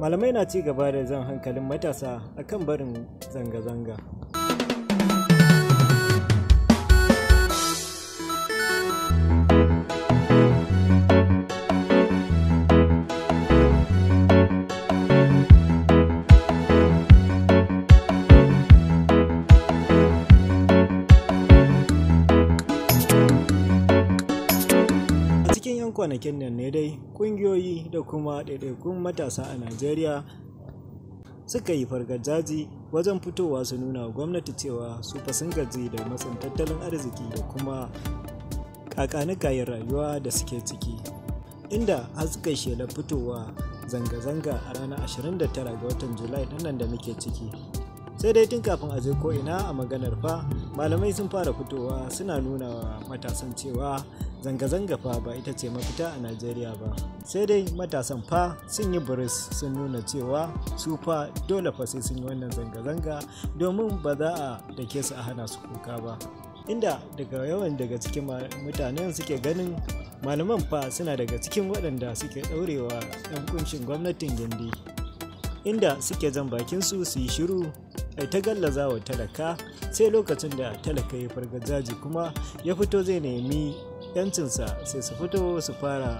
malamai na ci gaba da zan hankalin matasa akan barin zanga-zanga kwanakin nan ne dai ƙungiyoyi da kuma ɗaiɗaikun matasa a najeriya suka yi fargajaji wajen fitowa su nuna gwamnati cewa su fa gaji da matsin tattalin arziki da kuma kakanikayen rayuwa da suke ciki inda har suka shelar fitowa zanga-zanga a ranar 29 ga watan julai nan da muke ciki sai dai tun kafin a je ko ina a maganar fa malamai sun fara fitowa suna nuna wa matasan cewa zanga-zanga fa ba ita ce mafita a najeriya ba sai dai matasan fa sun yi buris sun nuna cewa su fa dole fa sai sun yi wannan zanga-zanga domin ba za a dake su a hana su kuka ba inda daga yawan daga cikin mutanen suke ganin malaman fa suna daga cikin waɗanda suke ɗaurewa 'yan kunshin gwamnatin gindi inda suke jan bakinsu su yi shiru ai ta gallaza wa talaka sai lokacin da talaka ya fargajaji kuma ya fito zai nemi yancinsa sai su fito su fara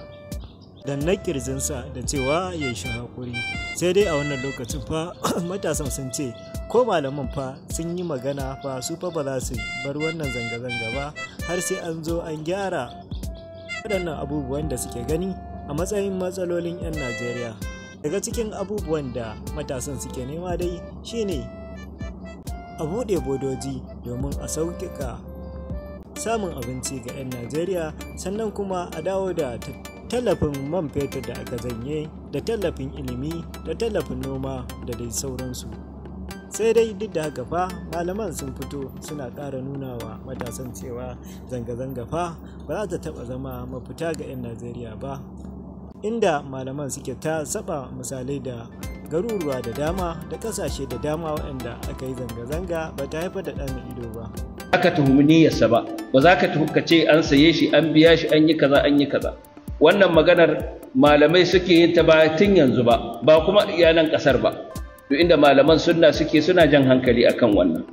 danna kirjinsa da cewa ya shi hakuri sai dai a wannan lokacin fa matasan sun ce ko malaman fa sun yi magana fa su fa ba za su bar wannan zanga-zanga ba har sai an zo an gyara waɗannan abubuwan da suke gani a matsayin matsalolin 'yan najeriya daga cikin abubuwan da matasan suke nema dai shine a buɗe bodoji domin a sauƙiƙa samun abinci ga 'yan najeriya sannan kuma a dawo da tallafin man fetur da aka zanye da tallafin ilimi da tallafin noma da dai sauransu sai dai duk da haka fa malaman sun fito suna ƙara nuna wa matasan cewa zanga-zanga fa ba za ta taɓa zama mafita ga 'yan najeriya ba inda malaman suke ta saba misalai da garuruwa da dama da kasashe da dama waɗanda aka yi zanga-zanga ba ta haifar da ɗan ido ba. Aka tuhumi niyyarsa ba, ba za ka tuhuka ce an saye shi an biya shi an yi kaza an yi kaza. Wannan maganar malamai suke yin ta ba tun yanzu ba, ba kuma iyalan ƙasar ba. To inda malaman sunna suke suna jan hankali akan wannan.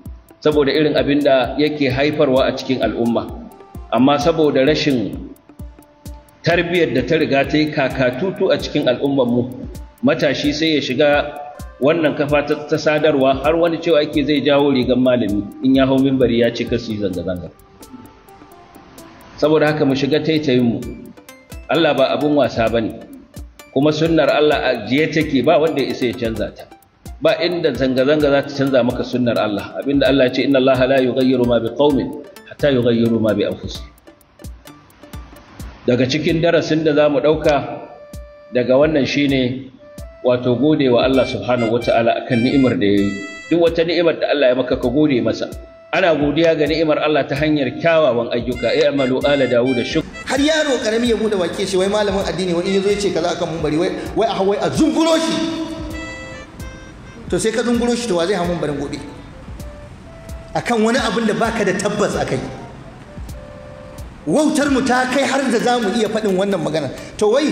Saboda irin abin da yake haifarwa a cikin al'umma. Amma saboda rashin tarbiyyar da ta riga ta yi kakatutu a cikin al'ummar mu matashi sai ya shiga wannan kafa ta sadarwa har wani cewa ake zai jawo rigar malami in ya hau mimbari ya ce kasu yi zanga-zanga saboda haka mu shiga taitayin mu, Allah ba abin wasa ba ne kuma sunnar Allah a jiye take ba wanda ya isa ya canza ta ba inda zanga-zanga za ta canza maka sunnar Allah abinda Allah ya ce inna Allah la yughayyiru ma biqaumin hatta yughayyiru ma bi anfusihim daga cikin darasin da za mu ɗauka daga wannan shine wato gode wa Allah subhanahu wa wata'ala akan ni'imar da ya yi duk wata ni'imar da Allah ya maka ka gode masa ana godiya ga ni'imar Allah ta hanyar kyawawan ayyuka ai amalu ala dawud shuk har yaro karami ya bude wake shi wai malamin addini wani zo ya ce kaza akan mumbari wai wai a wai a zunguro shi to sai ka zunguro shi to wa zai ha mumbarin gobe akan wani abin da baka da tabbas akai wautar mu ta kai har da za mu iya faɗin wannan magana to wai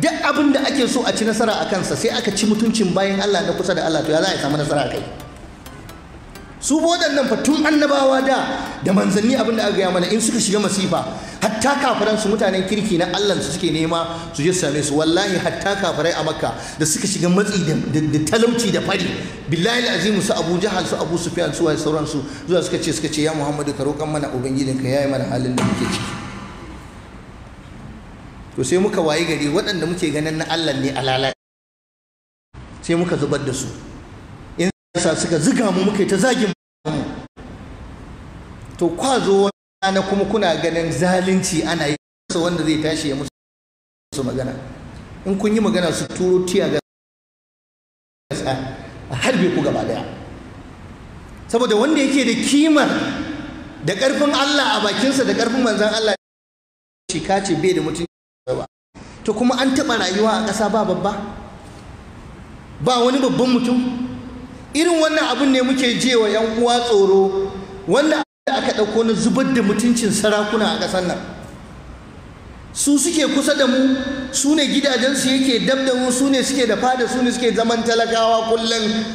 duk abin da ake so a ci nasara a kansa sai aka ci mutuncin bayan Allah na kusa da Allah to ya za a samu nasara a kai su waɗannan fa tun annabawa da da manzanni abin da aka gaya mana in suka shiga masifa hatta kafiran su mutanen kirki na Allah su suke nema su je same su wallahi hatta kafirai a makka da suka shiga matsi da talauci da fari billahi alazim su abu jahal su abu sufyan su wai sauran su zuwa suka ce suka ce ya muhammadu ka roƙan mana ka yayi mana halin da muke ciki to sai muka wayi gari waɗanda muke ganin na Allah ne alala sai muka zubar da su in sa suka ziga mu muka ta zagin mu to kwazo na kuma kuna ganin zalunci ana yi wanda zai tashi ya musu magana in kun yi magana su turo tiya ga a harbe ku gaba daya saboda wanda yake da kimar da karfin Allah a bakinsa da karfin manzan Allah shi kace bai da mutum ba to kuma an taɓa rayuwa a ƙasa ba babba ba wani babban mutum irin wannan abun ne muke jewa 'yan uwa tsoro wanda aka ɗauko na zubar da mutuncin sarakuna a ƙasar nan su suke kusa da mu su ne gidajensu yake dab su ne suke da fada su ne suke zaman talakawa kullum